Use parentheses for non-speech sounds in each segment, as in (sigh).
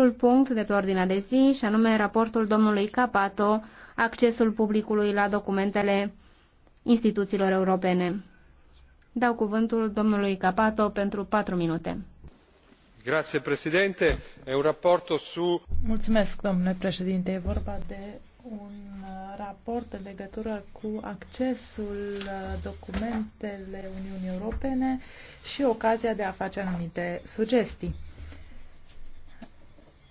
următorul punct de pe ordinea de zi, și anume raportul domnului Capato, accesul publicului la documentele instituțiilor europene. Dau cuvântul domnului Capato pentru patru minute. Grazie, președinte. E un raport su... Mulțumesc, domnule președinte. E vorba de un raport în legătură cu accesul documentele Uniunii Europene și ocazia de a face anumite sugestii.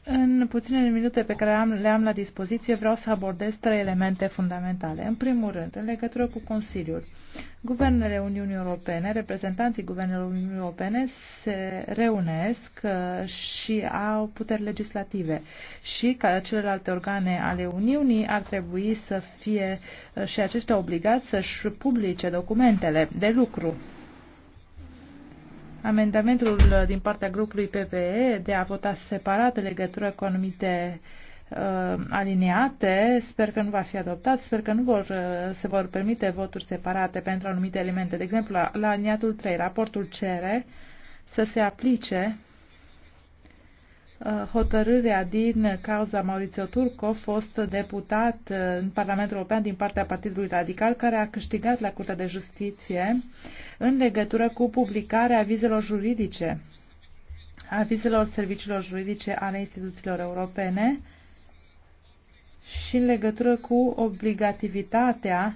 În puținele minute pe care am, le am la dispoziție, vreau să abordez trei elemente fundamentale. În primul rând, în legătură cu Consiliul, guvernele Uniunii Europene, reprezentanții guvernelor Uniunii Europene se reunesc uh, și au puteri legislative și ca celelalte organe ale Uniunii ar trebui să fie uh, și aceștia obligați să-și publice documentele de lucru Amendamentul din partea grupului PPE de a vota separat în legătură cu anumite uh, aliniate, sper că nu va fi adoptat, sper că nu vor, uh, se vor permite voturi separate pentru anumite elemente. De exemplu, la, la aliniatul 3, raportul cere să se aplice Uh, hotărârea din cauza Maurizio Turco, fost deputat uh, în Parlamentul European din partea Partidului Radical, care a câștigat la Curtea de Justiție în legătură cu publicarea avizelor juridice, avizelor serviciilor juridice ale instituțiilor europene și în legătură cu obligativitatea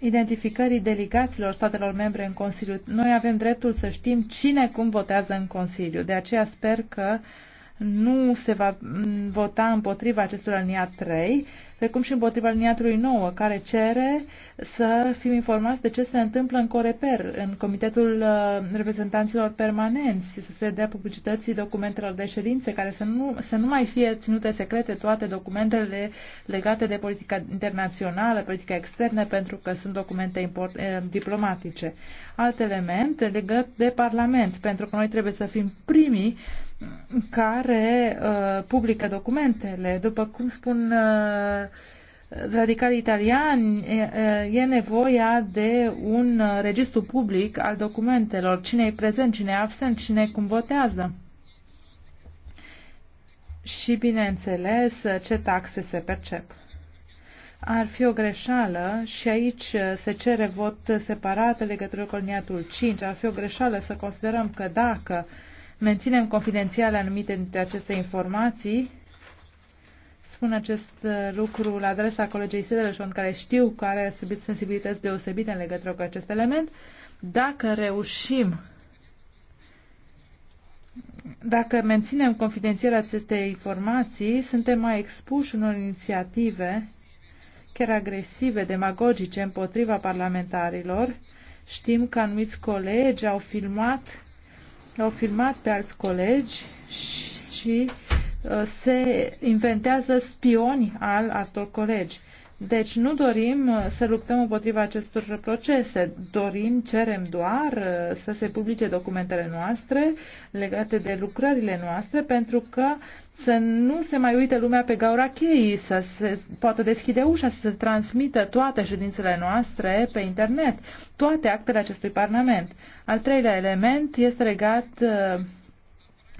identificării delegaților statelor membre în Consiliu. Noi avem dreptul să știm cine cum votează în Consiliu. De aceea sper că nu se va vota împotriva acestor aliniat 3 precum și împotriva liniatului 9, care cere să fim informați de ce se întâmplă în Coreper, în Comitetul uh, Reprezentanților Permanenți, să se dea publicității documentelor de ședințe, care să nu, să nu mai fie ținute secrete toate documentele legate de politica internațională, politica externă, pentru că sunt documente import, uh, diplomatice. Alt element legat de Parlament, pentru că noi trebuie să fim primii care uh, publică documentele. După cum spun uh, radicali italiani, e, uh, e nevoia de un uh, registru public al documentelor, cine e prezent, cine e absent, cine cum votează. Și, bineînțeles, ce taxe se percep. Ar fi o greșeală și aici uh, se cere vot separat legătură cu aliniatul 5. Ar fi o greșeală să considerăm că dacă uh, menținem confidențiale anumite dintre aceste informații. Spun acest uh, lucru la adresa colegei Sedeleșon, care știu că are sensibilități deosebite în legătură cu acest element. Dacă reușim dacă menținem confidențial aceste informații, suntem mai expuși unor inițiative, chiar agresive, demagogice, împotriva parlamentarilor. Știm că anumiți colegi au filmat au filmat pe alți colegi și, și uh, se inventează spioni al altor colegi. Deci nu dorim uh, să luptăm împotriva acestor procese, dorim, cerem doar uh, să se publice documentele noastre legate de lucrările noastre pentru că să nu se mai uite lumea pe gaura cheii, să se poată deschide ușa, să se transmită toate ședințele noastre pe internet, toate actele acestui Parlament. Al treilea element este legat uh,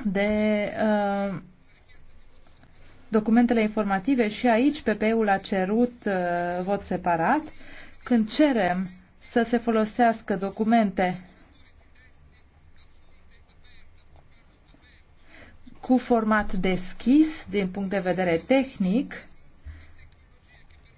de uh, documentele informative și aici PP-ul a cerut uh, vot separat. Când cerem să se folosească documente cu format deschis din punct de vedere tehnic,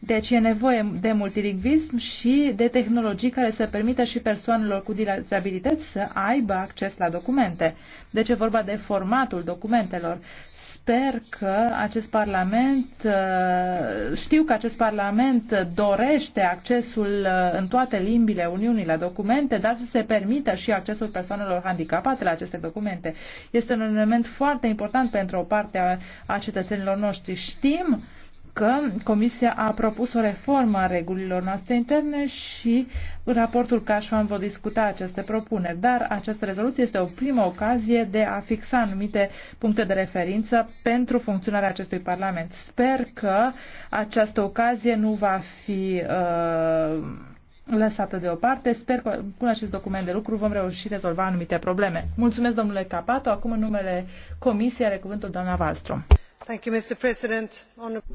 deci e nevoie de multilingvism și de tehnologii care să permită și persoanelor cu dizabilități să aibă acces la documente. Deci e vorba de formatul documentelor. Sper că acest Parlament, uh, știu că acest Parlament dorește accesul uh, în toate limbile Uniunii la documente, dar să se permită și accesul persoanelor handicapate la aceste documente. Este un element foarte important pentru o parte a, a cetățenilor noștri. Știm că Comisia a propus o reformă a regulilor noastre interne și în raportul Cașman vă discuta aceste propuneri, dar această rezoluție este o primă ocazie de a fixa anumite puncte de referință pentru funcționarea acestui Parlament. Sper că această ocazie nu va fi uh, lăsată deoparte. Sper că cu acest document de lucru vom reuși rezolva anumite probleme. Mulțumesc, domnule Capato. Acum, în numele Comisiei, are cuvântul doamna Wallström.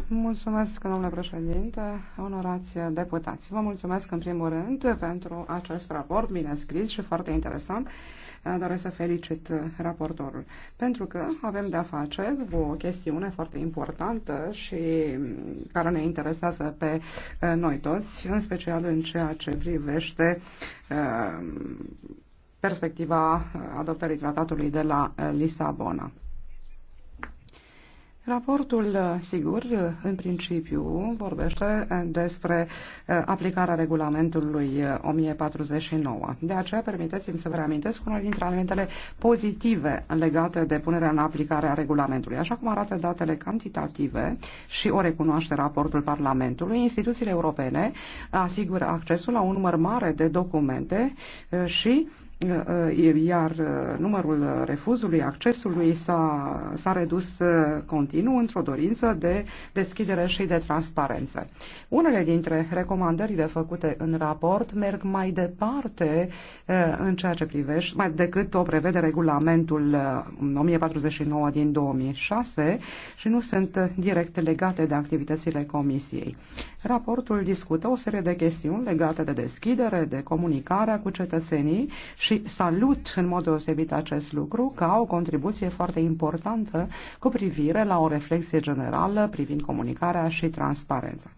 Mulțumesc, domnule președinte, Vă mulțumesc în primul rând pentru acest raport bine scris și foarte interesant. Doresc să felicit raportorul, pentru că avem de-a face cu o chestiune foarte importantă și care ne interesează pe uh, noi toți, în special în ceea ce privește uh, perspectiva adoptării tratatului de la uh, Lisabona. Raportul, sigur, în principiu vorbește despre eh, aplicarea regulamentului 1049. Eh, de aceea, permiteți-mi să vă reamintesc unul dintre elementele pozitive legate de punerea în aplicare a regulamentului. Așa cum arată datele cantitative și o recunoaște raportul Parlamentului, instituțiile europene asigură accesul la un număr mare de documente eh, și iar numărul refuzului accesului s-a, a redus continuu într-o dorință de deschidere și de transparență. Unele dintre recomandările făcute în raport merg mai departe în ceea ce privește, mai decât o prevede regulamentul 1049 din 2006 și nu sunt direct legate de activitățile Comisiei. Raportul discută o serie de chestiuni legate de deschidere, de comunicarea cu cetățenii și și salut în mod deosebit acest lucru ca o contribuție foarte importantă cu privire la o reflexie generală privind comunicarea și transparența.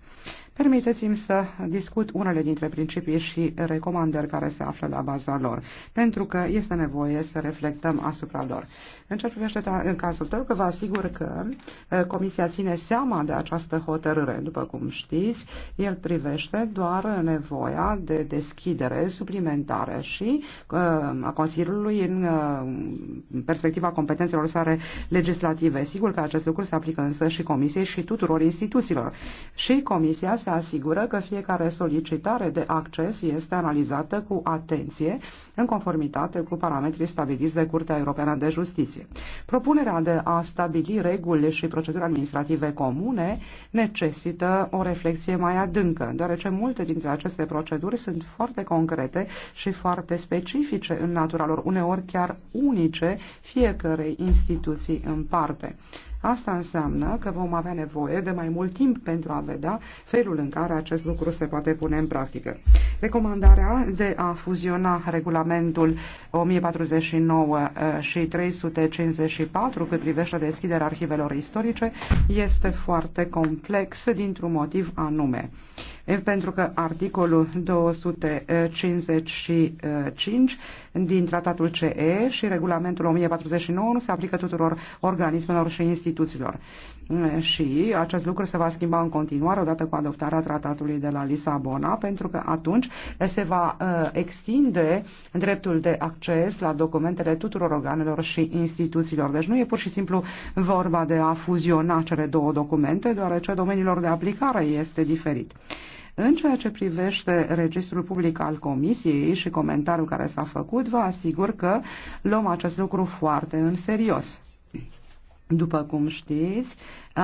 Permiteți-mi să discut unele dintre principii și recomandări care se află la baza lor, pentru că este nevoie să reflectăm asupra lor. În ce privește în cazul tău, că vă asigur că eh, Comisia ține seama de această hotărâre. După cum știți, el privește doar nevoia de deschidere suplimentare și eh, a Consiliului în eh, perspectiva competențelor sale legislative. Sigur că acest lucru se aplică însă și Comisiei și tuturor instituțiilor. Și Comisia se asigură că fiecare solicitare de acces este analizată cu atenție în conformitate cu parametrii stabiliți de Curtea Europeană de Justiție. Propunerea de a stabili reguli și proceduri administrative comune necesită o reflexie mai adâncă, deoarece multe dintre aceste proceduri sunt foarte concrete și foarte specifice în natura lor, uneori chiar unice fiecărei instituții în parte. Asta înseamnă că vom avea nevoie de mai mult timp pentru a vedea felul în care acest lucru se poate pune în practică. Recomandarea de a fuziona regulamentul 1049 și 354 eh, cât privește deschiderea arhivelor istorice este foarte complex dintr-un motiv anume pentru că articolul 255 din tratatul CE și regulamentul 1049 nu se aplică tuturor organismelor și instituțiilor. Și acest lucru se va schimba în continuare odată cu adoptarea tratatului de la Lisabona, pentru că atunci se va uh, extinde dreptul de acces la documentele tuturor organelor și instituțiilor. Deci nu e pur și simplu vorba de a fuziona cele două documente, deoarece domeniilor de aplicare este diferit. În ceea ce privește registrul public al Comisiei și comentariul care s-a făcut, vă asigur că luăm acest lucru foarte în serios. După cum știți,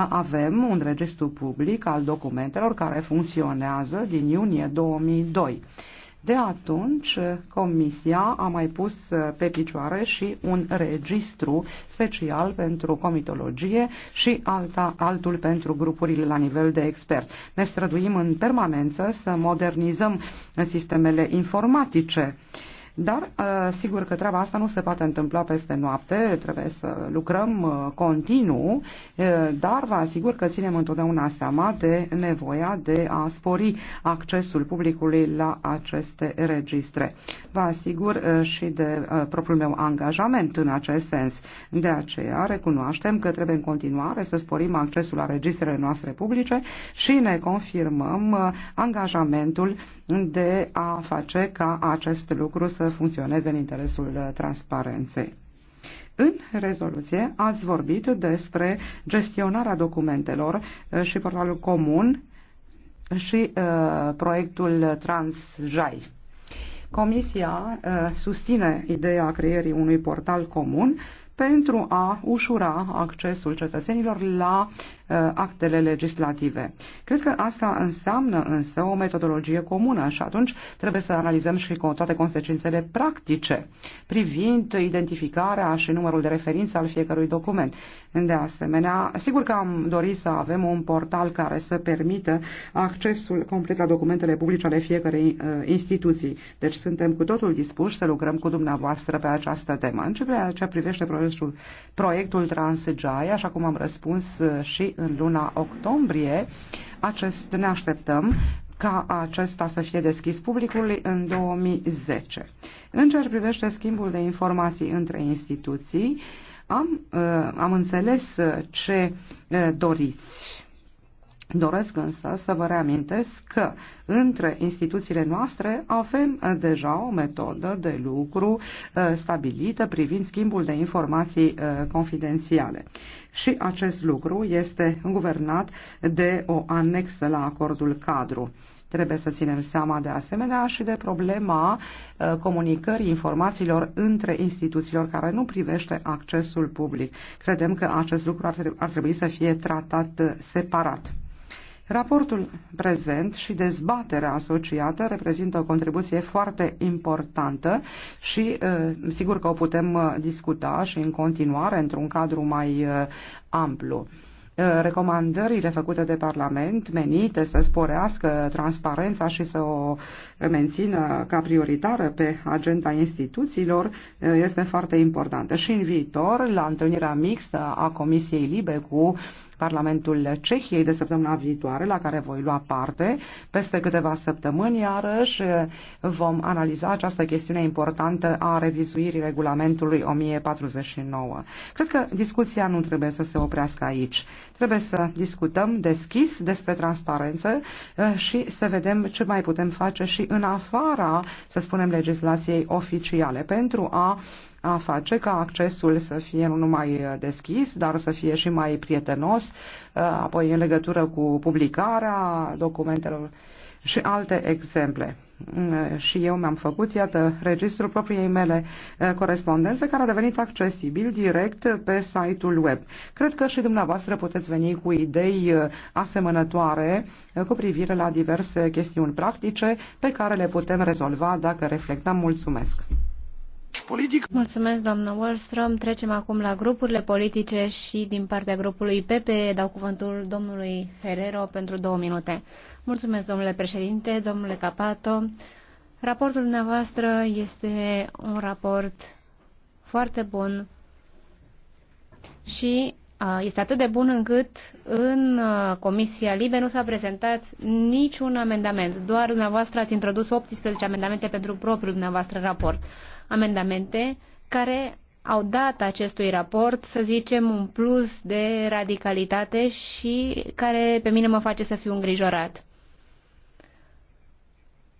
avem un registru public al documentelor care funcționează din iunie 2002. De atunci, Comisia a mai pus uh, pe picioare și un registru special pentru comitologie și alta, altul pentru grupurile la nivel de expert. Ne străduim în permanență să modernizăm uh, sistemele informatice. Uh, dar uh, sigur că treaba asta nu se poate întâmpla peste noapte, trebuie să lucrăm uh, continuu, uh, dar vă asigur că ținem întotdeauna seama de nevoia de a spori accesul publicului la aceste registre. Vă asigur și de propriul meu angajament în acest sens. De aceea recunoaștem că trebuie în continuare să sporim accesul la registrele noastre publice și ne confirmăm angajamentul de a face ca acest lucru să să funcționeze în interesul uh, transparenței. În rezoluție ați vorbit despre gestionarea documentelor uh, și portalul comun și uh, proiectul Transjai. Comisia uh, susține ideea creierii unui portal comun pentru a ușura accesul cetățenilor la uh, actele legislative. Cred că asta înseamnă însă o metodologie comună și atunci trebuie să analizăm și toate consecințele practice privind identificarea și numărul de referință al fiecărui document. De asemenea, sigur că am dorit să avem un portal care să permită accesul complet la documentele publice ale fiecărei uh, instituții. Deci suntem cu totul dispuși să lucrăm cu dumneavoastră pe această temă. În ce, ce privește proiectul, proiectul Transjai, așa cum am răspuns uh, și în luna octombrie. Acest, ne așteptăm ca acesta să fie deschis publicului în 2010. În ce privește schimbul de informații între instituții, am, uh, am înțeles uh, ce doriți Doresc însă să vă reamintesc că între instituțiile noastre avem deja o metodă de lucru uh, stabilită privind schimbul de informații uh, confidențiale. Și acest lucru este guvernat de o anexă la acordul cadru. Trebuie să ținem seama de asemenea și de problema uh, comunicării informațiilor între instituțiilor care nu privește accesul public. Credem că acest lucru ar trebui să fie tratat separat. Raportul prezent și dezbaterea asociată reprezintă o contribuție foarte importantă și uh, sigur că o putem uh, discuta și în continuare într-un cadru mai uh, amplu recomandările făcute de Parlament menite să sporească transparența și să o mențină ca prioritară pe agenda instituțiilor este foarte importantă. Și în viitor, la întâlnirea mixtă a Comisiei Libe cu Parlamentul Cehiei de săptămâna viitoare, la care voi lua parte. Peste câteva săptămâni, iarăși, vom analiza această chestiune importantă a revizuirii regulamentului 1049. Cred că discuția nu trebuie să se oprească aici. Trebuie să discutăm deschis despre transparență eh, și să vedem ce mai putem face și în afara, să spunem, legislației oficiale pentru a a face ca accesul să fie nu numai deschis, dar să fie și mai prietenos, uh, apoi în legătură cu publicarea documentelor și alte exemple. Mm, și eu mi-am făcut, iată, registrul propriei mele uh, corespondențe, care a devenit accesibil direct pe site-ul web. Cred că și dumneavoastră puteți veni cu idei uh, asemănătoare cu privire la diverse chestiuni practice pe care le putem rezolva dacă reflectăm. Mulțumesc! Mulțumesc, doamnă Wallström. Trecem acum la grupurile politice și din partea grupului PPE dau cuvântul domnului Herrero pentru două minute. Mulțumesc, domnule președinte, domnule Capato. Raportul dumneavoastră este un raport foarte bun și este atât de bun încât în Comisia Libe nu s-a prezentat niciun amendament. Doar dumneavoastră ați introdus 18 amendamente pentru propriul dumneavoastră raport amendamente care au dat acestui raport, să zicem, un plus de radicalitate și care pe mine mă face să fiu îngrijorat.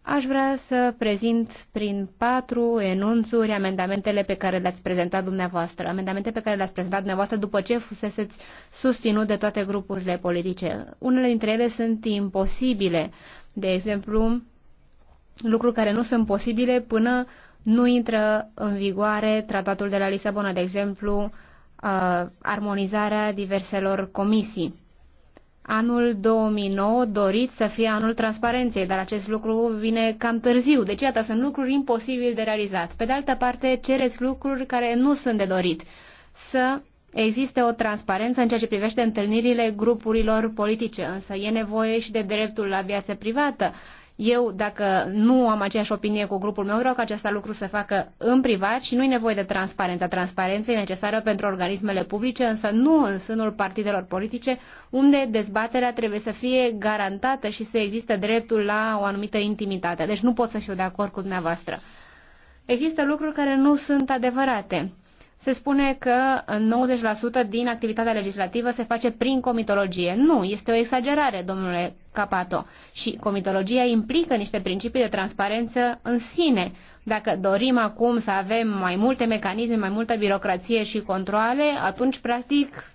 Aș vrea să prezint prin patru enunțuri amendamentele pe care le-ați prezentat dumneavoastră, amendamente pe care le-ați prezentat dumneavoastră după ce fuseseți susținut de toate grupurile politice. Unele dintre ele sunt imposibile, de exemplu, lucruri care nu sunt posibile până nu intră în vigoare tratatul de la Lisabona, de exemplu, uh, armonizarea diverselor comisii. Anul 2009 dorit să fie anul transparenței, dar acest lucru vine cam târziu. Deci, iată, sunt lucruri imposibil de realizat. Pe de altă parte, cereți lucruri care nu sunt de dorit. Să existe o transparență în ceea ce privește întâlnirile grupurilor politice, însă e nevoie și de dreptul la viață privată. Eu, dacă nu am aceeași opinie cu grupul meu, vreau ca acest lucru să facă în privat și nu e nevoie de transparență. Transparența e necesară pentru organismele publice, însă nu în sânul partidelor politice, unde dezbaterea trebuie să fie garantată și să existe dreptul la o anumită intimitate. Deci nu pot să fiu de acord cu dumneavoastră. Există lucruri care nu sunt adevărate se spune că 90% din activitatea legislativă se face prin comitologie. Nu, este o exagerare, domnule Capato. Și comitologia implică niște principii de transparență în sine. Dacă dorim acum să avem mai multe mecanisme, mai multă birocrație și controle, atunci, practic,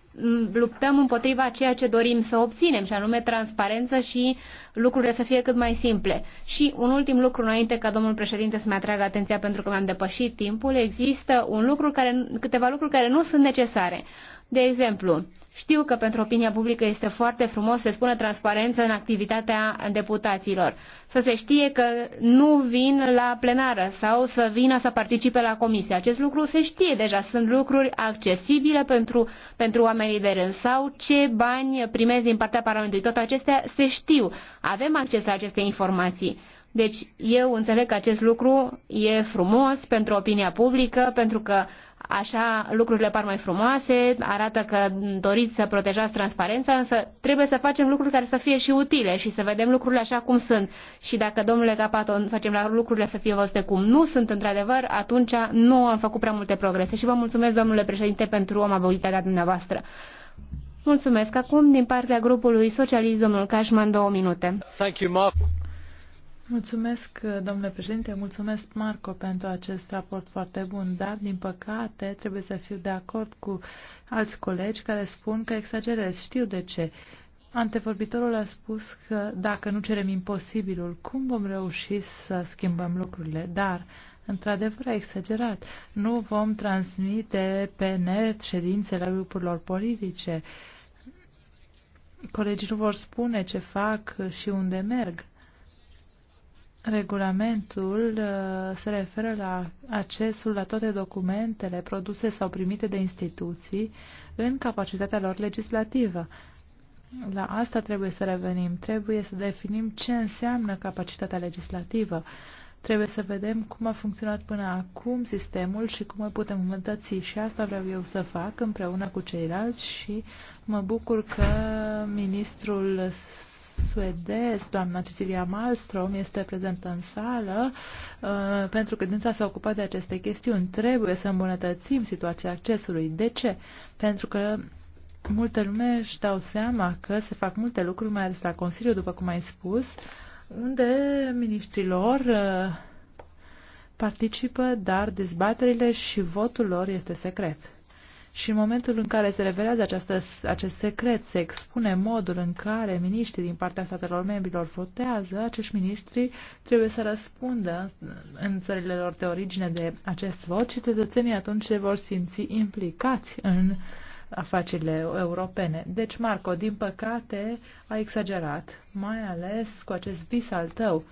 luptăm împotriva ceea ce dorim să obținem, și anume transparență și lucrurile să fie cât mai simple. Și un ultim lucru înainte ca domnul președinte să-mi atragă atenția pentru că mi-am depășit timpul, există un lucru care, câteva lucruri care nu sunt necesare. De exemplu, știu că pentru opinia publică este foarte frumos să spună transparență în activitatea deputaților. Să se știe că nu vin la plenară sau să vină să participe la comisie. Acest lucru se știe deja. Sunt lucruri accesibile pentru, pentru oamenii de rând. Sau ce bani primez din partea Parlamentului. Tot acestea se știu. Avem acces la aceste informații. Deci eu înțeleg că acest lucru e frumos pentru opinia publică, pentru că Așa lucrurile par mai frumoase, arată că doriți să protejați transparența, însă trebuie să facem lucruri care să fie și utile și să vedem lucrurile așa cum sunt. Și dacă, domnule Capaton, facem la lucrurile să fie văzute cum nu sunt într-adevăr, atunci nu am făcut prea multe progrese. Și vă mulțumesc, domnule președinte, pentru amabilitatea dumneavoastră. Mulțumesc. Acum, din partea grupului Socialist, domnul Cașman, două minute. Thank you, Mark. Mulțumesc, domnule președinte, mulțumesc, Marco, pentru acest raport foarte bun, dar, din păcate, trebuie să fiu de acord cu alți colegi care spun că exagerez. Știu de ce. Antevorbitorul a spus că dacă nu cerem imposibilul, cum vom reuși să schimbăm lucrurile? Dar, într-adevăr, a exagerat. Nu vom transmite pe net ședințele grupurilor politice. Colegii nu vor spune ce fac și unde merg. Regulamentul uh, se referă la accesul la toate documentele produse sau primite de instituții în capacitatea lor legislativă. La asta trebuie să revenim. Trebuie să definim ce înseamnă capacitatea legislativă. Trebuie să vedem cum a funcționat până acum sistemul și cum îl putem îmbunătăți. Și asta vreau eu să fac împreună cu ceilalți și mă bucur că ministrul suedez, doamna Cecilia Malmström, este prezentă în sală uh, pentru că dânsa s-a ocupat de aceste chestiuni. Trebuie să îmbunătățim situația accesului. De ce? Pentru că multe lume își dau seama că se fac multe lucruri, mai ales la Consiliu, după cum ai spus, unde ministrilor uh, participă, dar dezbaterile și votul lor este secret. Și în momentul în care se revelează această, acest secret, se expune modul în care miniștrii din partea statelor membrilor votează, acești miniștri trebuie să răspundă în țările lor de origine de acest vot și cetățenii atunci se vor simți implicați în afacerile europene. Deci, Marco, din păcate, a exagerat, mai ales cu acest vis al tău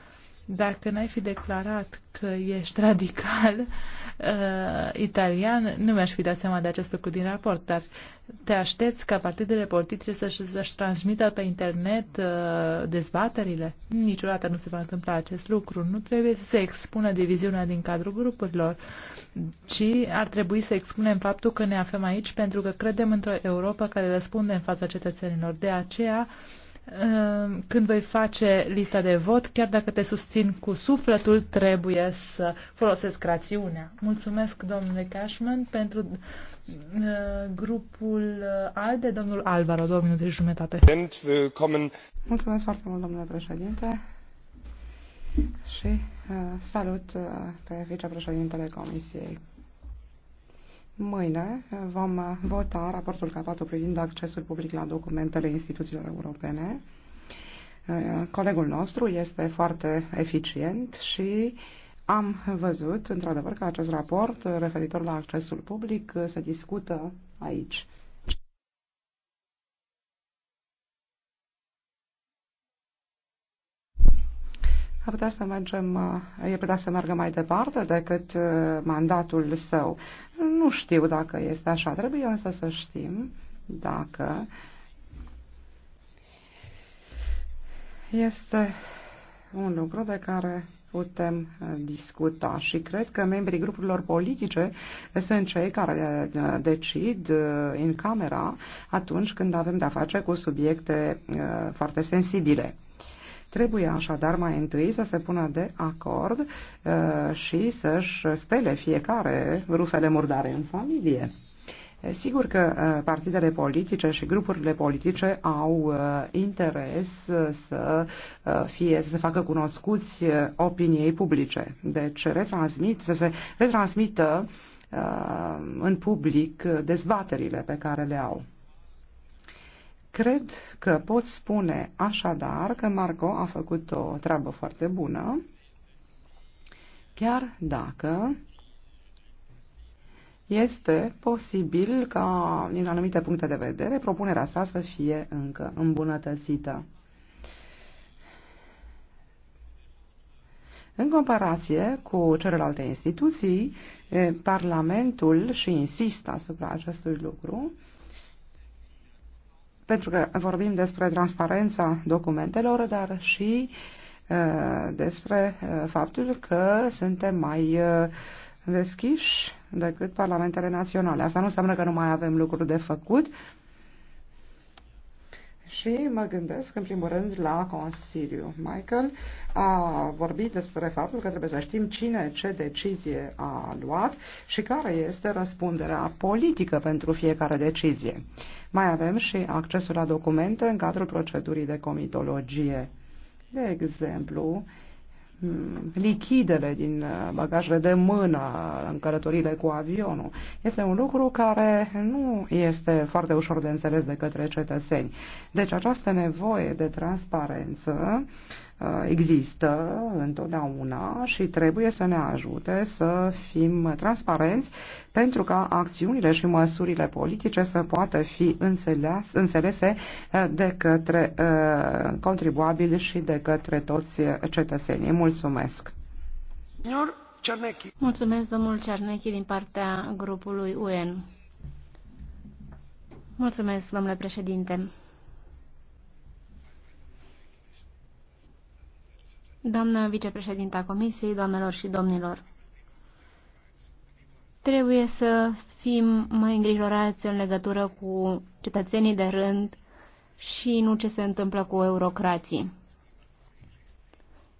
dacă n-ai fi declarat că ești radical uh, italian, nu mi-aș fi dat seama de acest lucru din raport, dar te aștepți ca partidele politice să-și, să-și transmită pe internet uh, dezbaterile? Niciodată nu se va întâmpla acest lucru. Nu trebuie să se expună diviziunea din cadrul grupurilor, ci ar trebui să expunem faptul că ne aflăm aici pentru că credem într-o Europa care răspunde în fața cetățenilor. De aceea, uh, Ehm, când vei face lista de vot, chiar dacă te susțin cu sufletul, trebuie să folosesc rațiunea. Mulțumesc, domnule Cashman, pentru ehm, grupul ALDE, domnul Alvaro, două minute și jumătate. Mulțumesc foarte mult, domnule președinte, și ehm, salut pe vicepreședintele Comisiei Mâine vom vota raportul K4 privind accesul public la documentele instituțiilor europene. Colegul nostru este foarte eficient și am văzut, într-adevăr, că acest raport referitor la accesul public se discută aici. ar putea să mergem, uh, e putea să meargă mai departe decât uh, mandatul său. Nu știu dacă este așa. Trebuie însă să știm dacă este un lucru de care putem uh, discuta și cred că membrii grupurilor politice sunt cei care decid în camera atunci când avem de-a face cu subiecte foarte sensibile. Trebuie așadar mai întâi să se pună de acord uh, și să-și spele fiecare rufele murdare în familie. Sigur că uh, partidele politice și grupurile politice au uh, interes să fie, să se facă cunoscuți opiniei publice. Deci retransmit, să se retransmită în public dezbaterile pe care le au. Cred că pot spune așadar că Margot a făcut o treabă foarte bună, chiar dacă este posibil ca, din anumite puncte de vedere, propunerea sa să fie încă îmbunătățită. În comparație cu celelalte instituții, Parlamentul, și insistă asupra acestui lucru, pentru că vorbim despre transparența documentelor, dar și uh, despre uh, faptul că suntem mai uh, deschiși decât parlamentele naționale. Asta nu înseamnă că nu mai avem lucruri de făcut, și mă gândesc, în primul rând, la Consiliu. Michael a vorbit despre faptul că trebuie să știm cine ce decizie a luat și care este răspunderea politică pentru fiecare decizie. Mai avem și accesul la documente în cadrul procedurii de comitologie. De exemplu, uh, Mm, lichidele din uh, bagajele de mână în călătorile cu avionul. Este un lucru care nu este foarte ușor de înțeles de către cetățeni. Deci această nevoie de transparență uh, Uh, există întotdeauna și trebuie să ne ajute să fim transparenți pentru ca acțiunile și măsurile politice să poată fi înțelese uh, de către uh, contribuabili și de către toți cetățenii. Mulțumesc! Mulțumesc, domnul Cernechi, din partea grupului UN. Mulțumesc, domnule președinte. Doamnă vicepreședinta Comisiei, doamnelor și domnilor, trebuie să fim mai îngrijorați în legătură cu cetățenii de rând și nu ce se întâmplă cu eurocrații.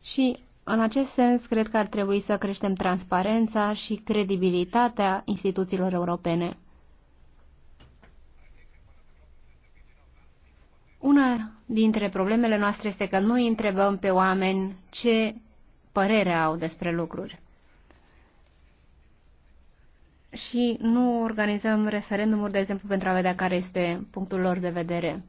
Și în acest sens, cred că ar trebui să creștem transparența și credibilitatea instituțiilor europene. Una dintre problemele noastre este că nu întrebăm pe oameni ce părere au despre lucruri. Și nu organizăm referendumuri, de exemplu, pentru a vedea care este punctul lor de vedere.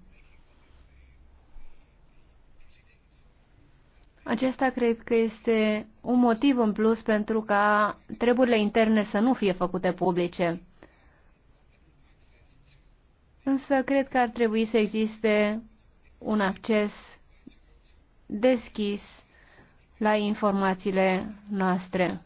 Acesta cred că este un motiv în plus pentru ca treburile interne să nu fie făcute publice însă cred că ar trebui să existe un acces deschis la informațiile noastre.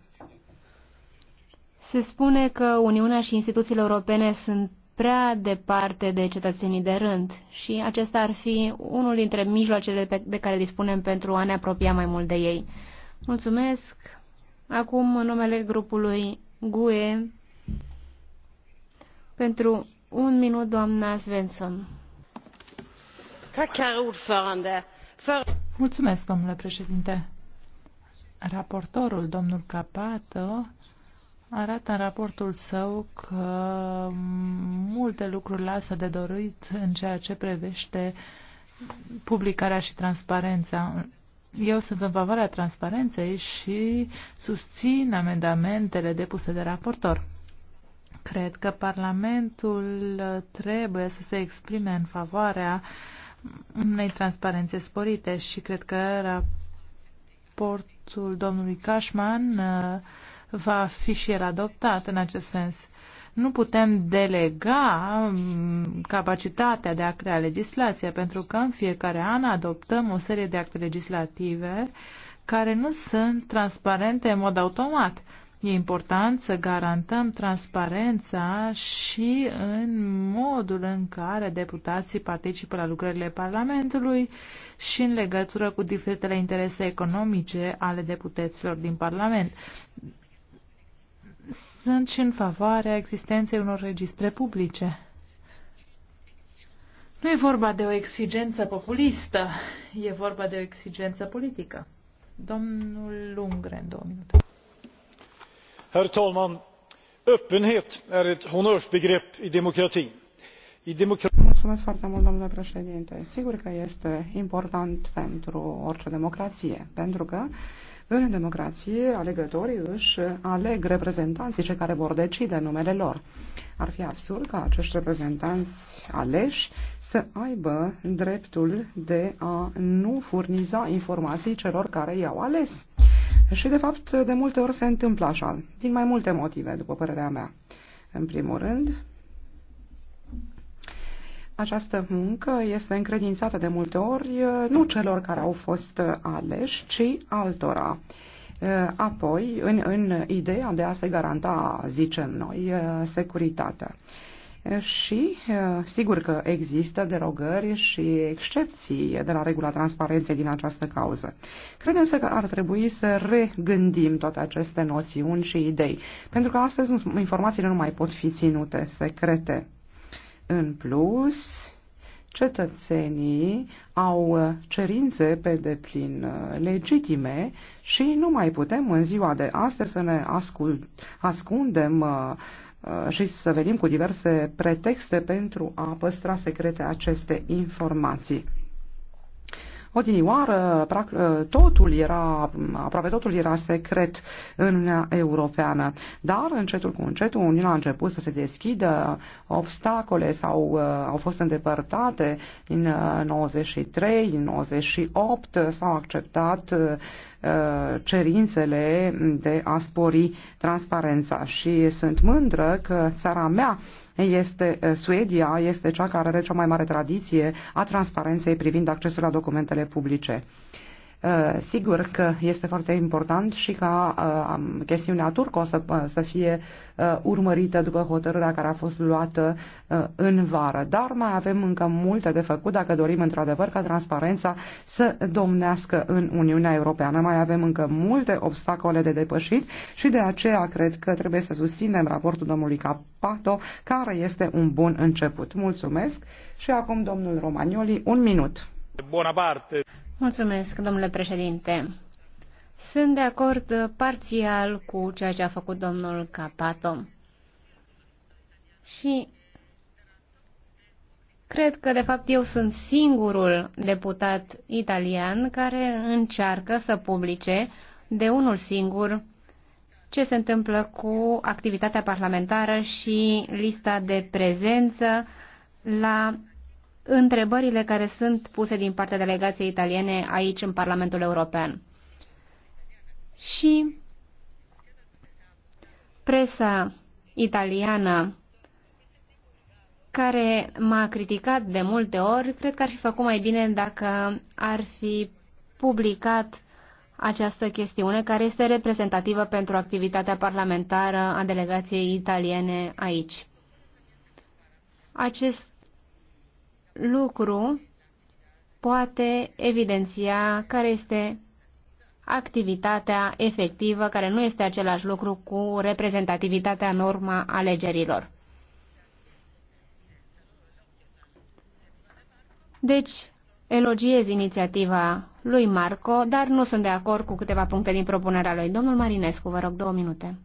Se spune că Uniunea și instituțiile europene sunt prea departe de cetățenii de rând și acesta ar fi unul dintre mijloacele de care dispunem pentru a ne apropia mai mult de ei. Mulțumesc! Acum, în numele grupului GUE, pentru un minut, Svensson. domnule președinte. Raportorul, domnul cappato arată în raportul său că multe lucruri lasă de dorit în ceea ce privește publicarea și transparența. Eu sunt în favoarea transparenței și susțin amendamentele depuse de raportor. Cred că Parlamentul trebuie să se exprime în favoarea unei transparențe sporite și cred că raportul domnului Cashman uh, va fi și el adoptat în acest sens. Nu putem delega um, capacitatea de a crea legislație, pentru că în fiecare an adoptăm o serie de acte legislative care nu sunt transparente în mod automat. E important să garantăm transparența și în modul în care deputații participă la lucrările Parlamentului și în legătură cu diferitele interese economice ale deputeților din Parlament. Sunt și în favoarea existenței unor registre publice. Nu e vorba de o exigență populistă, e vorba de o exigență politică. Domnul Lungren, două minute. Herr talman! Öppenhet är ett honnörsbegrepp i demokratin. i foarte mult, domnule Sigur că este important pentru orice democrație, pentru că în democrație alegătorii aleg cei care vor decide lor. Ar fi absurd acești reprezentanți aleși să aibă dreptul de a nu furniza informații celor care i-au ales. Și, de fapt, de multe ori se întâmplă așa, din mai multe motive, după părerea mea. În primul rând, această muncă este încredințată de multe ori nu celor care au fost aleși, ci altora. Apoi, în, în ideea de a se garanta, zicem noi, securitatea și sigur că există derogări și excepții de la regula transparenței din această cauză. Credem să că ar trebui să regândim toate aceste noțiuni și idei, pentru că astăzi informațiile nu mai pot fi ținute secrete. În plus, cetățenii au cerințe pe deplin legitime și nu mai putem în ziua de astăzi să ne ascult, ascundem Uh, și să venim cu diverse pretexte pentru a păstra secrete aceste informații. Odinioară, uh, totul era, aproape totul era secret în Uniunea Europeană, dar încetul cu încetul Uniunea a început să se deschidă, obstacole sau uh, au fost îndepărtate în 93, în 98 s-au acceptat Uh, cerințele de a spori transparența și sunt mândră că țara mea este uh, Suedia, este cea care are cea mai mare tradiție a transparenței privind accesul la documentele publice. Uh, sigur că este foarte important și ca uh, chestiunea o să, uh, să fie urmărită după hotărârea care a fost luată în vară. Dar mai avem încă multe de făcut dacă dorim într-adevăr ca transparența să domnească în Uniunea Europeană. Mai avem încă multe obstacole de depășit și de aceea cred că trebuie să susținem raportul domnului Capato, care este un bun început. Mulțumesc și acum domnul Romagnoli, un minut. Buona parte! Mulțumesc, domnule președinte. Sunt de acord parțial cu ceea ce a făcut domnul Capato. Și cred că, de fapt, eu sunt singurul deputat italian care încearcă să publice de unul singur ce se întâmplă cu activitatea parlamentară și lista de prezență la întrebările care sunt puse din partea delegației italiene aici în Parlamentul European. Și presa italiană care m-a criticat de multe ori, cred că ar fi făcut mai bine dacă ar fi publicat această chestiune care este reprezentativă pentru activitatea parlamentară a delegației italiene aici. Acest lucru poate evidenția care este activitatea efectivă, care nu este același lucru cu reprezentativitatea în urma alegerilor. Deci, elogiez inițiativa lui Marco, dar nu sunt de acord cu câteva puncte din propunerea lui. Domnul Marinescu, vă rog două minute.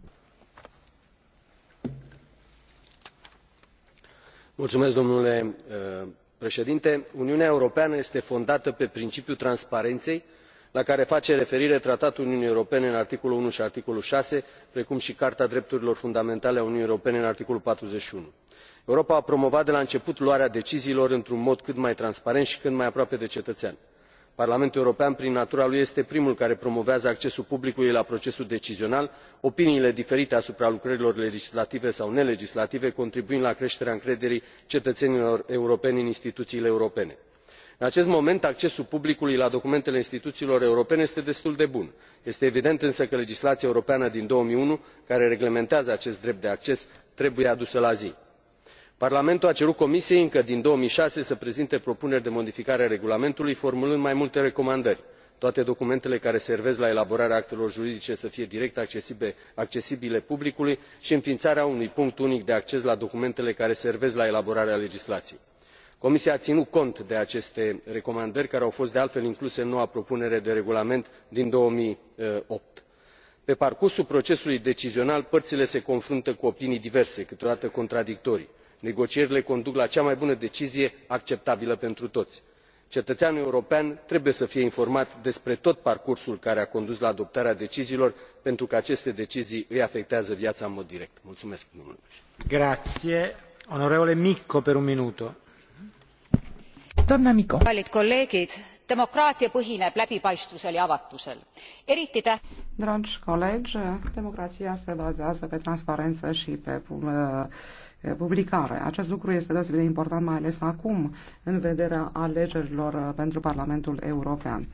Mulțumesc, domnule uh, uniunea europeană este fondată pe principiul transparenei la care face referire tratatul uniunii europene în articolul unu i articolul șase precum i carta drepturilor fundamentale a uniunii europene în articolul. patruzeci și unu europa a promovat de la început luarea deciziilor într un mod cât mai transparent i cât mai aproape de cetăean parlamentul european prin natura lui este primul care promovează accesul publicului la procesul decizional opiniile diferite asupra lucrărilor legislative sau nelegislative contribuind la creterea încrederii cetăenilor europeni în instituiile europene. în acest moment accesul publicului la documentele instituiilor europene este destul de bun este evident însă că legislaia europeană din două mii unu care reglementează acest drept de acces trebuie adusă la zi parlamentul a cerut comisiei încă din două mii șase să prezinte propuneri de modificare a regulamentului formulând mai multe recomandări toate documentele care servesc la elaborarea actelor juridice să fie direct accesibile publicului i înfiinarea unui punct unic de acces la documentele care servesc la elaborarea legislaiei. comisia a inut cont de aceste recomandări care au fost de altfel incluse în noua propunere de regulament din. două mii opt pe parcursul procesului decizional pările se confruntă cu opinii diverse câteodată contradictorii negocierile conduc la cea mai bună decizie acceptabilă pentru toi. cetăeanul european trebuie să fie informat despre tot parcursul care a condus la adoptarea deciziilor pentru că aceste decizii îi afectează viaa în mod direct. democraatia põhineb läbipaistvusel ja avatusel. eriti tähtis publicare. Acest lucru este deosebit de important, mai ales acum, în vederea alegerilor uh, pentru Parlamentul European.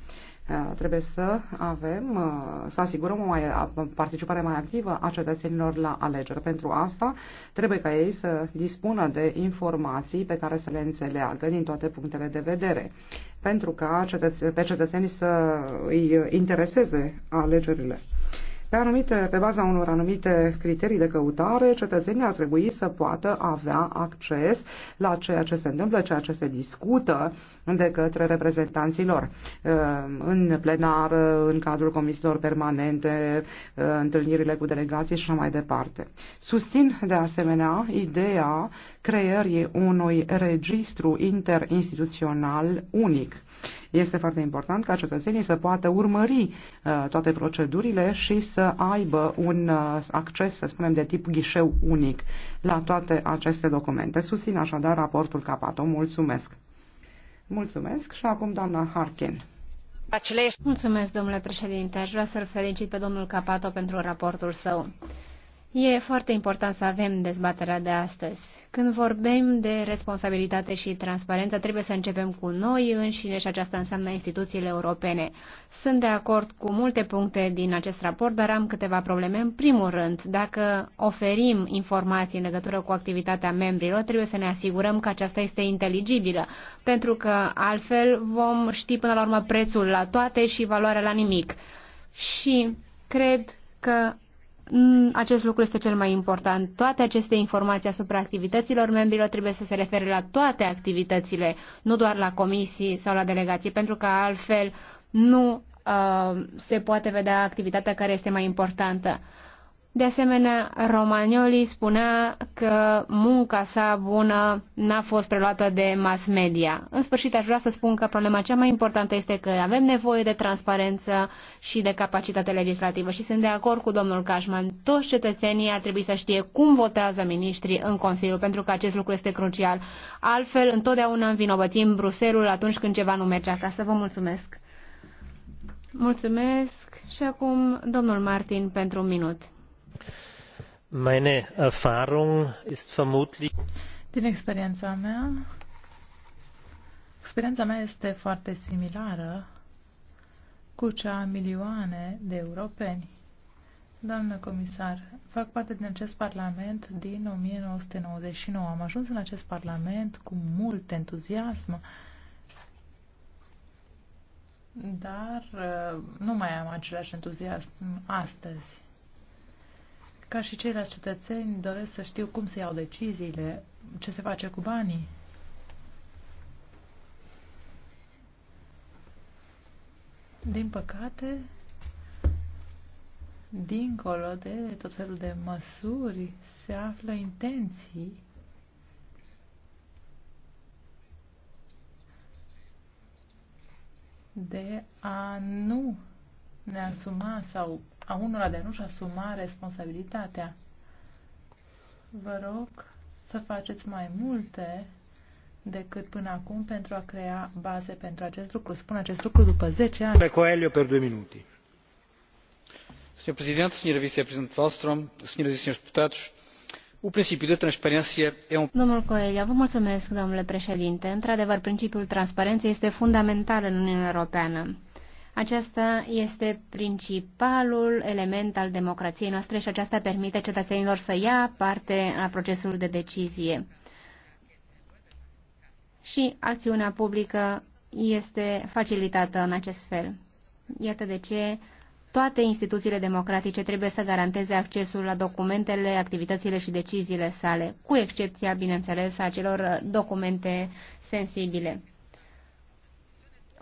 Uh, trebuie să avem, uh, să asigurăm o mai, participare mai activă a cetățenilor la alegeri. Pentru asta trebuie ca ei să dispună de informații pe care să le înțeleagă din toate punctele de vedere, pentru ca cetăț- pe cetățenii să îi intereseze alegerile. Pe, anumite, pe baza unor anumite criterii de căutare, cetățenii ar trebui să poată avea acces la ceea ce se întâmplă, ceea ce se discută de către reprezentanții lor. Uh, în plenar, uh, în cadrul comisiilor permanente, uh, întâlnirile cu delegații și așa mai departe. Susțin de asemenea ideea creării unui registru interinstituțional unic este foarte important ca cetățenii să poată urmări uh, toate procedurile și să aibă un uh, acces, să spunem, de tip ghișeu unic la toate aceste documente. Susțin așadar raportul Capato. Mulțumesc! Mulțumesc și acum doamna Harkin. Mulțumesc, domnule președinte. Aș vrea să-l felicit pe domnul Capato pentru raportul său. E foarte important să avem dezbaterea de astăzi. Când vorbim de responsabilitate și transparență, trebuie să începem cu noi înșine și aceasta înseamnă instituțiile europene. Sunt de acord cu multe puncte din acest raport, dar am câteva probleme. În primul rând, dacă oferim informații în legătură cu activitatea membrilor, trebuie să ne asigurăm că aceasta este inteligibilă, pentru că altfel vom ști până la urmă prețul la toate și valoarea la nimic. Și cred că Mm, acest lucru este cel mai important. Toate aceste informații asupra activităților membrilor trebuie să se refere la toate activitățile, nu doar la comisii sau la delegații, pentru că altfel nu uh, se poate vedea activitatea care este mai importantă. De asemenea, Romagnoli spunea că munca sa bună n-a fost preluată de mass media. În sfârșit, aș vrea să spun că problema cea mai importantă este că avem nevoie de transparență și de capacitate legislativă și sunt de acord cu domnul Cashman. Toți cetățenii ar trebui să știe cum votează miniștrii în Consiliu, pentru că acest lucru este crucial. Altfel, întotdeauna învinovățim Bruselul atunci când ceva nu merge acasă. Vă mulțumesc! Mulțumesc și acum domnul Martin pentru un minut. Meine Erfahrung ist vermutlich din experiența mea, experiența mea este foarte similară cu cea a milioane de europeni. Doamnă comisar, fac parte din acest parlament din 1999. Am ajuns în acest parlament cu mult entuziasm, dar uh, nu mai am același entuziasm astăzi. Ca și ceilalți cetățeni, doresc să știu cum se iau deciziile, ce se face cu banii. Din păcate, dincolo de tot felul de măsuri, se află intenții de a nu ne asuma sau a unora de nu-și asuma responsabilitatea. Vă rog să faceți mai multe decât până acum pentru a crea baze pentru acest lucru. Spun acest lucru după 10 ani. Pe Coelho, per 2 minute. Sr. Presidente, Sr. Vice-Presidente Wallström, Sras. e Srs. Deputados, o princípio de da transparência é um... Domnul Coelho, vă mulțumesc, domnule președinte. Într-adevăr, principiul transparenței este fundamental în Uniunea Europeană. Acesta este principalul element al democrației noastre și aceasta permite cetățenilor să ia parte la procesul de decizie. Și acțiunea publică este facilitată în acest fel. Iată de ce toate instituțiile democratice trebuie să garanteze accesul la documentele, activitățile și deciziile sale, cu excepția, bineînțeles, a acelor documente sensibile.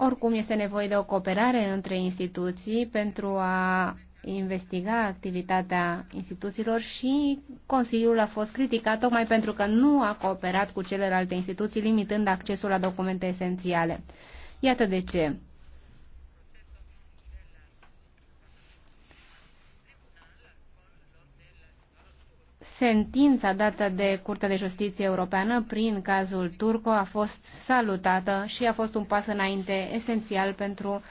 Oricum este nevoie de o cooperare între instituții pentru a investiga activitatea instituțiilor și Consiliul a fost criticat tocmai pentru că nu a cooperat cu celelalte instituții, limitând accesul la documente esențiale. Iată de ce. Sentința dată de Curtea de Justiție Europeană prin cazul Turco a fost salutată și a fost un pas înainte esențial pentru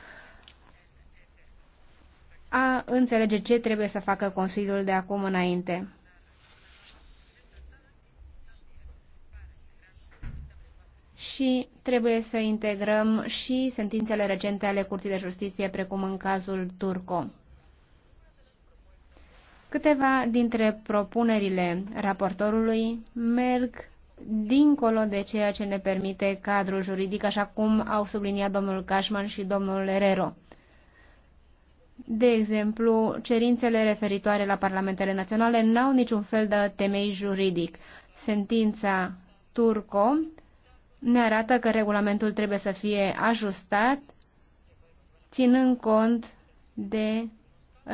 a înțelege ce trebuie să facă Consiliul de acum înainte. Și trebuie să integrăm și sentințele recente ale Curții de Justiție, precum în cazul Turco. Câteva dintre propunerile raportorului merg dincolo de ceea ce ne permite cadrul juridic, așa cum au subliniat domnul Cashman și domnul Herrero. De exemplu, cerințele referitoare la parlamentele naționale n-au niciun fel de temei juridic. Sentința Turco ne arată că regulamentul trebuie să fie ajustat, ținând cont de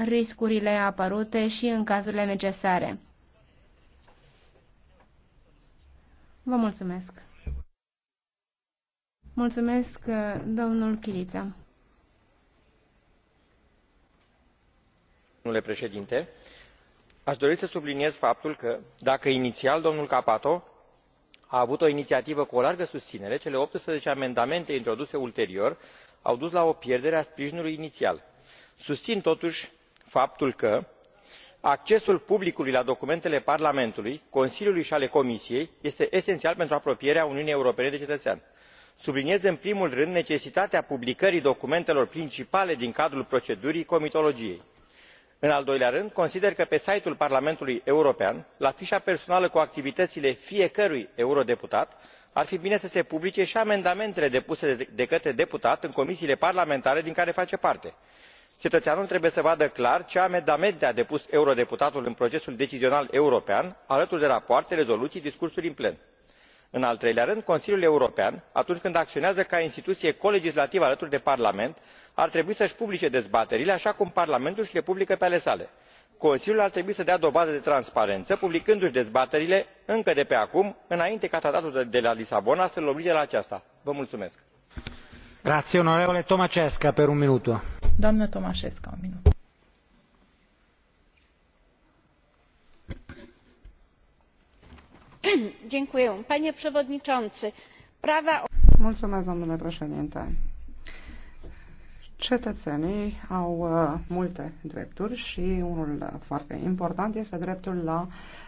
riscurile apărute și în cazurile necesare. Vă mulțumesc. Mulțumesc, domnul Chiriță. Domnule președinte, aș dori să subliniez faptul că, dacă inițial domnul Capato a avut o inițiativă cu o largă susținere, cele 18 amendamente introduse ulterior au dus la o pierdere a sprijinului inițial. Susțin totuși faptul că accesul publicului la documentele parlamentului consiliului și ale comisiei este esențial pentru apropierea uniunii europene de cetățean. subliniez în primul rând necesitatea publicării documentelor principale din cadrul procedurii comitologiei. în al doilea rând consider că pe site ul parlamentului european la fișa personală cu activitățile fiecărui eurodeputat ar fi bine să se publice și amendamentele depuse de către deputat în comisiile parlamentare din care face parte cetățeanul trebuie să vadă clar ce amendamente a depus eurodeputatul în procesul decizional european alături de rapoarte rezoluții discursuri în plen. în al treilea rând consiliul european atunci când acționează ca instituție colegislativă alături de parlament ar trebui să și publice dezbaterile așa cum parlamentul și le publică pe ale sale. consiliul ar trebui să dea dovadă de transparență publicându și dezbaterile încă de pe acum înainte ca tratatul de la lisabona să l oblige la aceasta. vă mulțumesc. Doamnă Tomașescu, un minut. Mulțumesc, domnule președinte Cetățenii au uh, multe drepturi și unul foarte important este dreptul la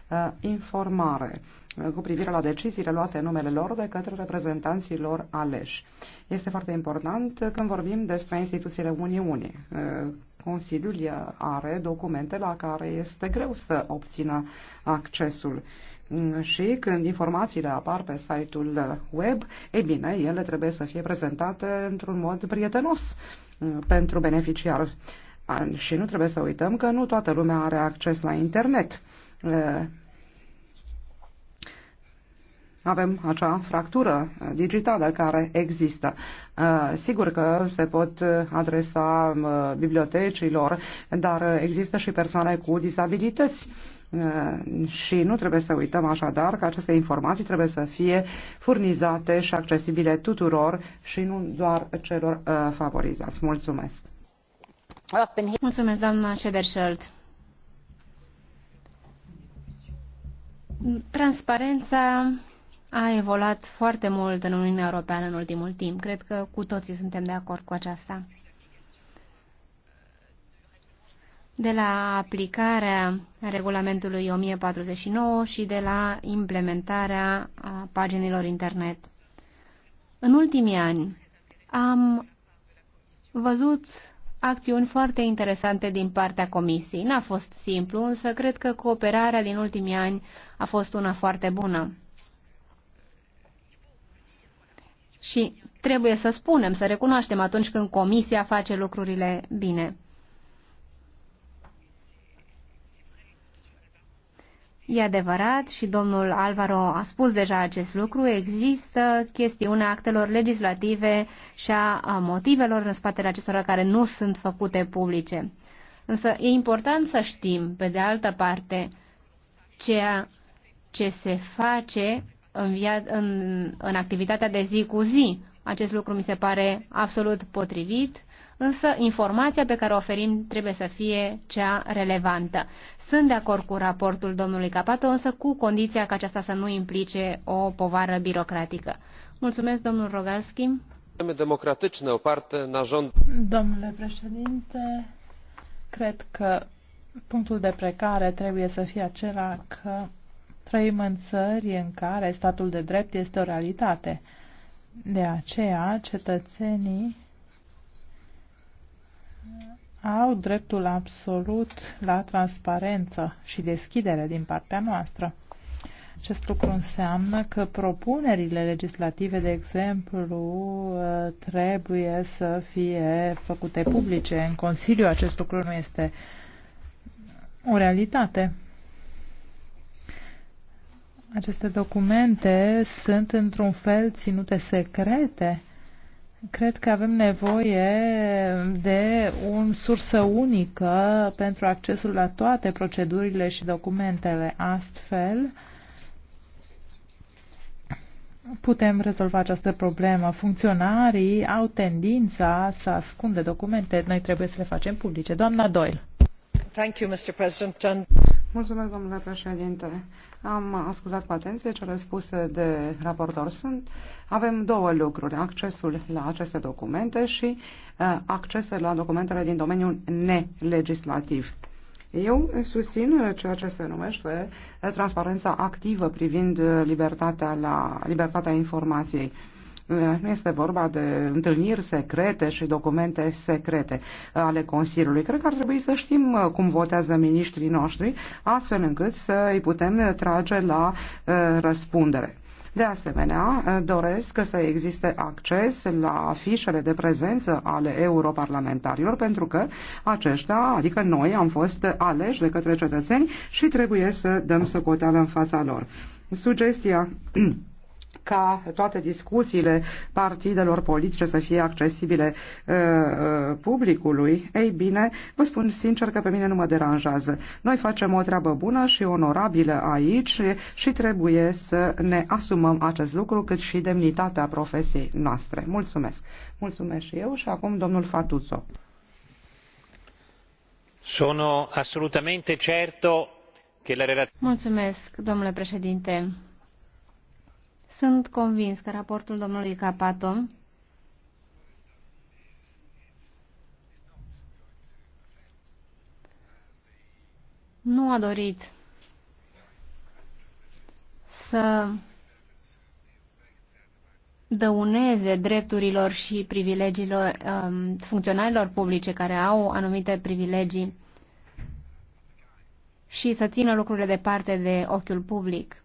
uh, informare uh, cu privire la deciziile luate în numele lor de către reprezentanții lor aleși. Este foarte important când vorbim despre instituțiile Uniunii. Consiliul are documente la care este greu să obțină accesul mm, și când informațiile apar pe site-ul web, e bine, ele trebuie să fie prezentate într-un mod prietenos pentru beneficiar. Și nu trebuie să uităm că nu toată lumea are acces la internet. Avem acea fractură digitală care există. Sigur că se pot adresa bibliotecilor, dar există și persoane cu dizabilități Uh, și nu trebuie să uităm așadar că aceste informații trebuie să fie furnizate și accesibile tuturor și nu doar celor uh, favorizați. Mulțumesc! Mulțumesc, doamna Cederschild. Transparența a evoluat foarte mult în Uniunea Europeană în ultimul timp. Cred că cu toții suntem de acord cu aceasta. de la aplicarea regulamentului 1049 și de la implementarea a paginilor internet. În ultimii ani am văzut acțiuni foarte interesante din partea Comisiei. N-a fost simplu, însă cred că cooperarea din ultimii ani a fost una foarte bună. Și trebuie să spunem, să recunoaștem atunci când Comisia face lucrurile bine. E adevărat și domnul Alvaro a spus deja acest lucru, există chestiunea actelor legislative și a motivelor în spatele acestora care nu sunt făcute publice. Însă e important să știm, pe de altă parte, ceea ce se face în, via- în, în activitatea de zi cu zi. Acest lucru mi se pare absolut potrivit însă informația pe care o oferim trebuie să fie cea relevantă. Sunt de acord cu raportul domnului Capato, însă cu condiția ca aceasta să nu implice o povară birocratică. Mulțumesc, domnul Rogalski. o parte Domnule președinte, cred că punctul de precare trebuie să fie acela că trăim în țări în care statul de drept este o realitate. De aceea, cetățenii au dreptul absolut la transparență și deschidere din partea noastră. Acest lucru înseamnă că propunerile legislative, de exemplu, trebuie să fie făcute publice. În Consiliu acest lucru nu este o realitate. Aceste documente sunt într-un fel ținute secrete Cred că avem nevoie de o sursă unică pentru accesul la toate procedurile și documentele. Astfel, putem rezolva această problemă. Funcționarii au tendința să ascunde documente. Noi trebuie să le facem publice. Doamna Doyle. Thank you, Mr. President. Mulțumesc, domnule președinte. Am ascultat cu atenție cele spuse de raportor. Sunt, avem două lucruri, accesul la aceste documente și uh, accesul la documentele din domeniul nelegislativ. Eu susțin ceea ce se numește transparența activă privind libertatea, la, libertatea informației. Uh, nu este vorba de întâlniri secrete și documente secrete ale Consiliului. Cred că ar trebui să știm uh, cum votează miniștrii noștri, astfel încât să îi putem trage la uh, răspundere. De asemenea, uh, doresc să existe acces la fișele de prezență ale europarlamentarilor, pentru că aceștia, adică noi, am fost aleși de către cetățeni și trebuie să dăm socoteală în fața lor. Sugestia (clears throat) ca toate discuțiile partidelor politice să fie accesibile uh, uh, publicului, ei bine, vă spun sincer că pe mine nu mă deranjează. Noi facem o treabă bună și onorabilă aici și trebuie să ne asumăm acest lucru, cât și demnitatea profesiei noastre. Mulțumesc! Mulțumesc și eu și acum domnul Fatuțo. Sono assolutamente certo che la relazione... Mulțumesc, domnule președinte. Sunt convins că raportul domnului Capato nu a dorit să dăuneze drepturilor și privilegiilor um, funcționarilor publice care au anumite privilegii și să țină lucrurile departe de ochiul public.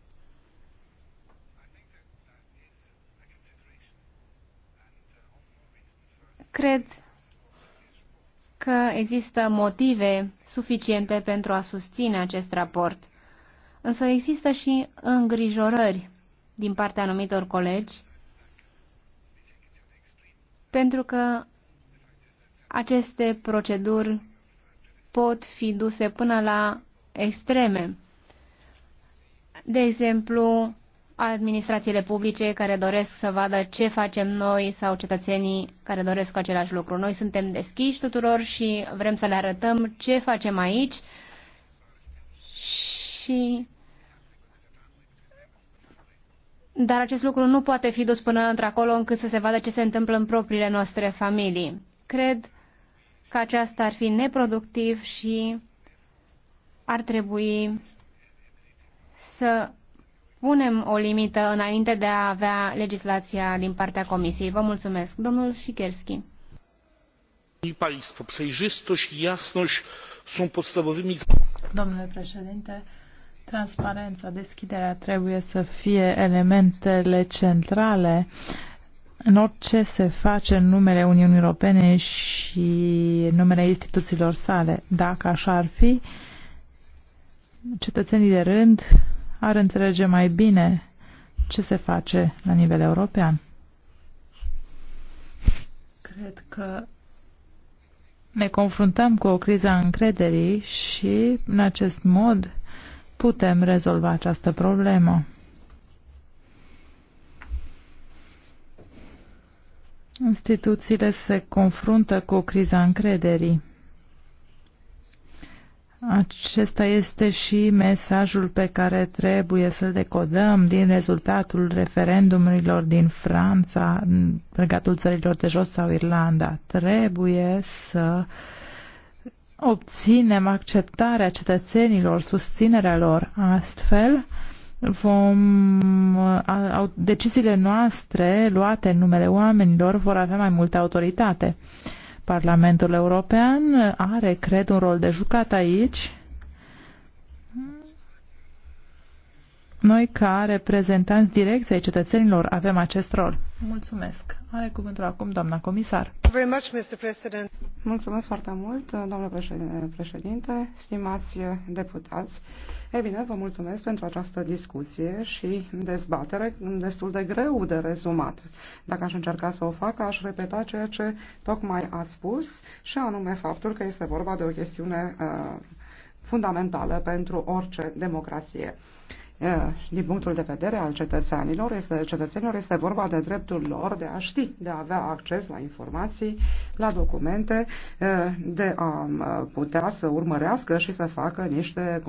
Cred că există motive suficiente pentru a susține acest raport, însă există și îngrijorări din partea anumitor colegi, pentru că aceste proceduri pot fi duse până la extreme. De exemplu, administrațiile publice care doresc să vadă ce facem noi sau cetățenii care doresc același lucru. Noi suntem deschiși tuturor și vrem să le arătăm ce facem aici și dar acest lucru nu poate fi dus până într-acolo încât să se vadă ce se întâmplă în propriile noastre familii. Cred că aceasta ar fi neproductiv și ar trebui să punem o limită înainte de a avea legislația din partea Comisiei. Vă mulțumesc. Domnul Sikerski. Domnule președinte, transparența, deschiderea trebuie să fie elementele centrale în orice se face în numele Uniunii Europene și în numele instituțiilor sale. Dacă așa ar fi, cetățenii de rând ar înțelege mai bine ce se face la nivel european. Cred că ne confruntăm cu o criză a încrederii și, în acest mod, putem rezolva această problemă. Instituțiile se confruntă cu o criză a încrederii. Acesta este și mesajul pe care trebuie să-l decodăm din rezultatul referendumurilor din Franța, regatul țărilor de jos sau Irlanda. Trebuie să obținem acceptarea cetățenilor, susținerea lor. Astfel, vom, deciziile noastre luate în numele oamenilor vor avea mai multă autoritate. Parlamentul European are, cred, un rol de jucat aici noi, ca reprezentanți direcției cetățenilor, avem acest rol. Mulțumesc. Are cuvântul acum doamna comisar. Mulțumesc foarte mult, domnule președinte, stimați deputați. E bine, vă mulțumesc pentru această discuție și dezbatere destul de greu de rezumat. Dacă aș încerca să o fac, aș repeta ceea ce tocmai ați spus și anume faptul că este vorba de o chestiune uh, fundamentală pentru orice democrație. Eh, din punctul de vedere al cetățenilor este, cetățenilor este vorba de dreptul lor de a ști, de a avea acces la informații, la documente, eh, de a eh, putea să urmărească și să facă niște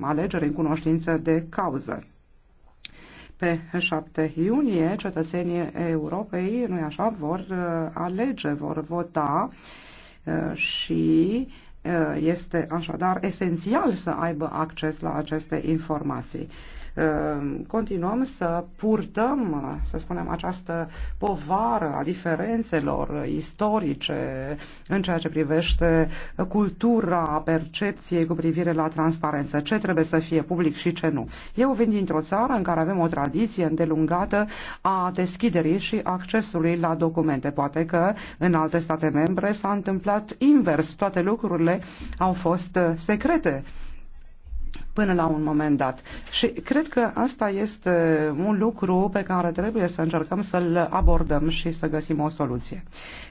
alegeri în cunoștință de cauză. Pe 7 iunie, cetățenii Europei, nu-i așa, vor alege, vor vota și este așadar esențial să aibă acces la aceste informații. Ehm, continuăm să purtăm, să spunem, această povară a diferențelor istorice în ceea ce privește cultura percepției cu privire la transparență, ce trebuie să fie public și ce nu. Eu vin dintr-o țară în care avem o tradiție îndelungată a deschiderii și accesului la documente. Poate că în alte state membre s-a întâmplat invers, toate lucrurile au fost secrete până la un moment dat. Și cred că asta este un lucru pe care trebuie să încercăm să-l abordăm și să găsim o soluție.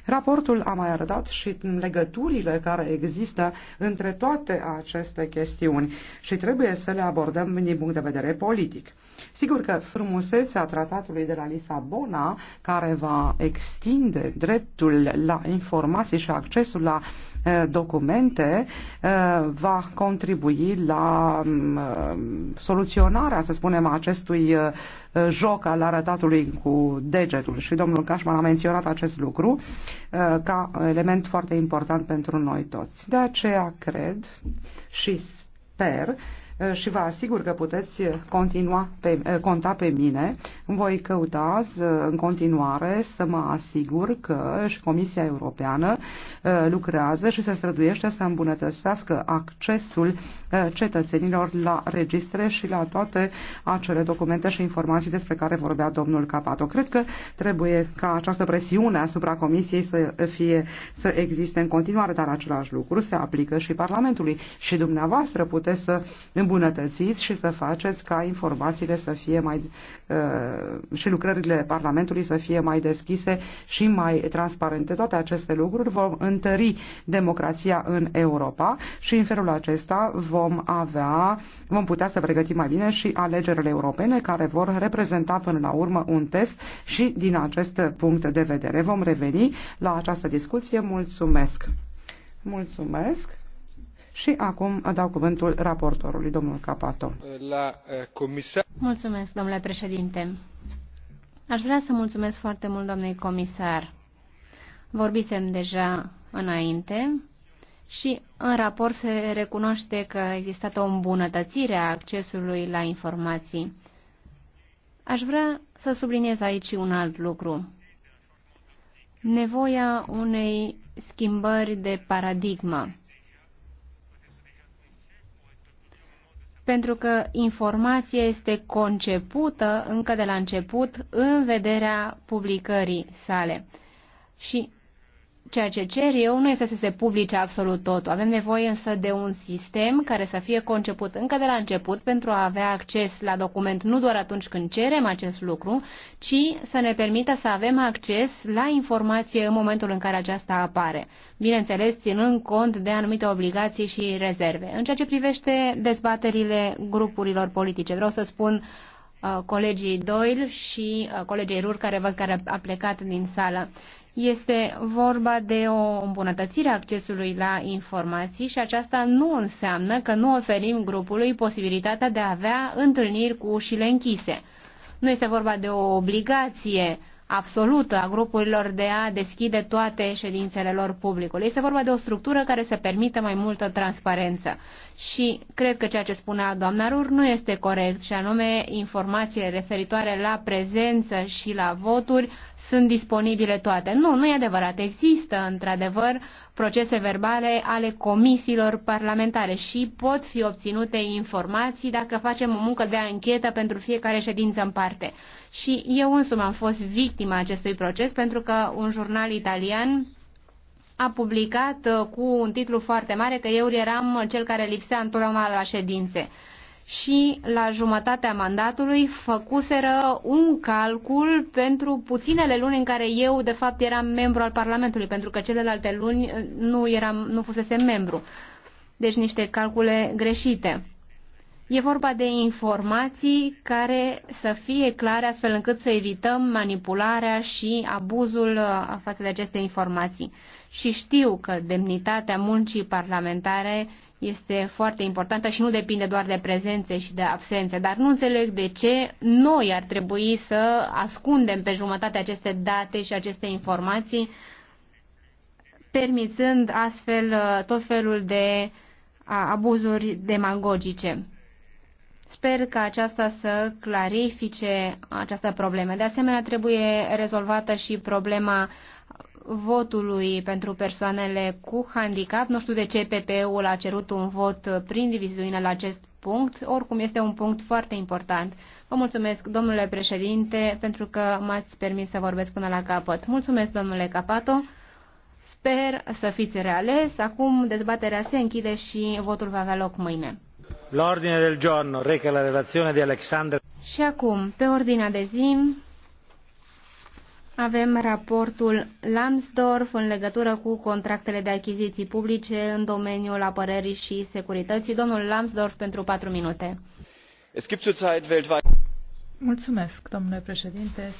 Raportul a mai arătat și legăturile care există între toate aceste chestiuni și trebuie să le abordăm din punct de vedere politic. Sigur că frumusețea tratatului de la Lisabona, care va extinde dreptul la informații și accesul la Eh, documente eh, va contribui la mm, eh, soluționarea, să spunem, acestui joc al arătatului cu degetul. Și domnul Cașman a menționat acest lucru ca element foarte important pentru noi toți. De aceea cred și sper Eh, și vă asigur că puteți eh, continua pe, eh, conta pe mine. Voi căuta în continuare să mă asigur că și Comisia Europeană lucrează și se străduiește să îmbunătățească accesul cetățenilor la registre și la toate acele documente și informații despre care vorbea domnul Capato. Cred că trebuie ca această presiune asupra Comisiei să, fie, să existe în continuare, dar același lucru se aplică și Parlamentului. Și dumneavoastră puteți să îmbunătățiți și să faceți ca informațiile să fie mai uh, și lucrările Parlamentului să fie mai deschise și mai transparente. Toate aceste lucruri vom întări democrația în Europa și în felul acesta vom avea, vom putea să pregătim mai bine și alegerile europene care vor reprezenta până la urmă un test și din acest punct de vedere. Vom reveni la această discuție. Mulțumesc! Mulțumesc! Și acum dau cuvântul raportorului, domnul Capato. La eh, comisar... Mulțumesc, domnule președinte. Aș vrea să mulțumesc foarte mult, domnului comisar. Vorbisem deja înainte și în raport se recunoaște că a existat o îmbunătățire a accesului la informații. Aș vrea să subliniez aici un alt lucru. Nevoia unei schimbări de paradigmă pentru că informația este concepută încă de la început în vederea publicării sale. Și Ceea ce cer eu nu este să se publice absolut totul. Avem nevoie însă de un sistem care să fie conceput încă de la început pentru a avea acces la document nu doar atunci când cerem acest lucru, ci să ne permită să avem acces la informație în momentul în care aceasta apare. Bineînțeles, ținând cont de anumite obligații și rezerve. În ceea ce privește dezbaterile grupurilor politice, vreau să spun uh, colegii Doyle și uh, colegii Rur care văd care a plecat din sală. Este vorba de o îmbunătățire a accesului la informații și aceasta nu înseamnă că nu oferim grupului posibilitatea de a avea întâlniri cu ușile închise. Nu este vorba de o obligație absolută a grupurilor de a deschide toate ședințele lor publicului. Este vorba de o structură care să permită mai multă transparență. Și cred că ceea ce spunea doamna Rur nu este corect, și anume informațiile referitoare la prezență și la voturi sunt disponibile toate. Nu, nu e adevărat. Există, într-adevăr, procese verbale ale comisiilor parlamentare și pot fi obținute informații dacă facem o muncă de anchetă pentru fiecare ședință în parte. Și eu însumi am fost victima acestui proces pentru că un jurnal italian a publicat uh, cu un titlu foarte mare că eu eram cel care lipsea întotdeauna la ședințe și la jumătatea mandatului făcuseră un calcul pentru puținele luni în care eu de fapt eram membru al Parlamentului, pentru că celelalte luni uh, nu, eram, nu fusese membru. Deci niște calcule greșite. E vorba de informații care să fie clare astfel încât să evităm manipularea și abuzul uh, față de aceste informații. Și știu că demnitatea muncii parlamentare este foarte importantă și nu depinde doar de prezențe și de absențe, dar nu înțeleg de ce noi ar trebui să ascundem pe jumătate aceste date și aceste informații, permițând astfel uh, tot felul de uh, abuzuri demagogice. Sper că aceasta să clarifice această problemă. De asemenea, trebuie rezolvată și problema votului pentru persoanele cu handicap. Nu știu de ce PPE-ul a cerut un vot prin diviziune la acest punct. Oricum, este un punct foarte important. Vă mulțumesc, domnule președinte, pentru că m-ați permis să vorbesc până la capăt. Mulțumesc, domnule Capato. Sper să fiți reales. Acum dezbaterea se închide și votul va avea loc mâine. La ordine del giorno reca la relazione de Alexander. Și acum, pe ordinea de zi, avem raportul Lambsdorff în legătură cu contractele de achiziții publice în domeniul apărării și securității. Domnul Lambsdorff pentru 4 minute. Mulțumesc, domnule președinte.